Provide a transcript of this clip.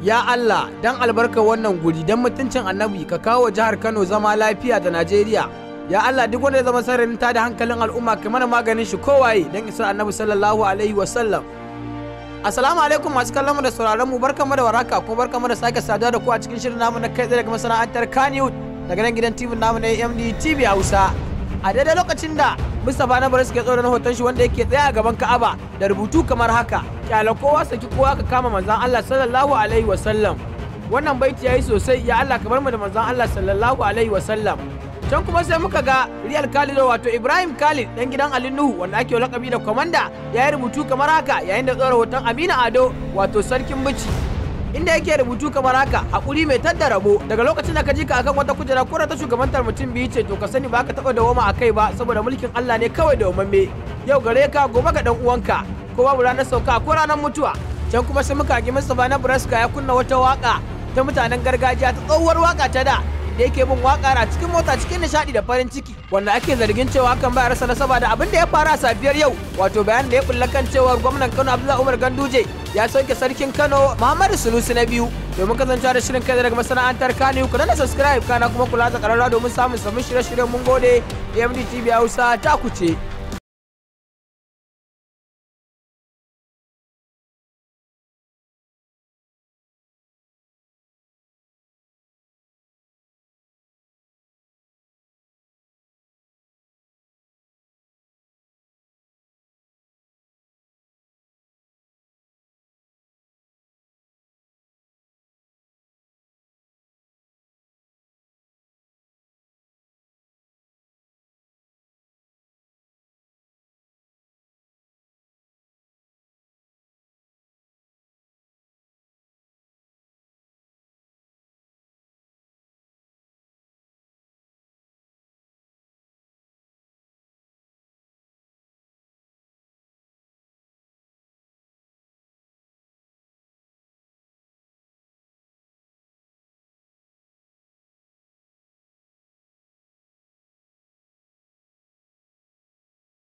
ya Allah dan albarka wannan guri don mutuncin annabi ka kawo jihar Kano zama lafiya da Najeriya ya Allah duk wanda ya zama sararin ta da hankalin al'umma ka mana maganin shi kowaye don isar annabi sallallahu alaihi wasallam Assalamu alaikum masu kallon mu da sauraron mu mu da waraka kuma mu da sake saduwa da ku a cikin shirin namu na kai tsaye daga masana'antar Kannywood daga nan gidan TV namu na AMD TV Hausa a daidai lokacin da Mustapha na bari suke tsoron hoton shi wanda yake tsaye a gaban Ka'aba da rubutu kamar haka kyala kowa saki kowa ka kama manzan Allah sallallahu alaihi wasallam wannan baiti yayi sosai ya Allah ka bar mu da manzan Allah sallallahu alaihi wasallam can kuma sai muka ga Real Khalid wato Ibrahim Khalid dan gidan Ali Nuhu wanda ake lakabi da Commander ya yi rubutu kamar haka yayin da tsara hoton Amina Ado wato sarkin bici inda yake rubutu kamar haka hakuri mai tadda rabo daga lokacin da ka ji ka akan wata kujera kura ta shugabantar mutum biyu ce to ka sani ba ka taba dawoma akai ba saboda mulkin Allah ne kawai da umamme yau gare ka gobe ga dan uwanka ko babu ranar sauka ko ranar mutuwa can kuma sai muka gi Mustapha na Braska ya kunna wata waka ta mutanen gargajiya ta tsohuwar waka ta da da yake bin waka a cikin mota cikin nishadi da farin ciki wanda ake zargin cewa kan ba rasa nasaba da abin da ya faru a safiyar yau wato bayan da ya bulla kan cewa gwamnan Kano Abdullahi Umar Ganduje ya sauke sarkin Kano Muhammadu Sunusi na biyu domin kasancewa da shirin kai daga masana'antar Kano ku na subscribe kana kuma kula da kararra domin samun samun shirye-shiryen mun gode AMD TV Hausa ta kuce.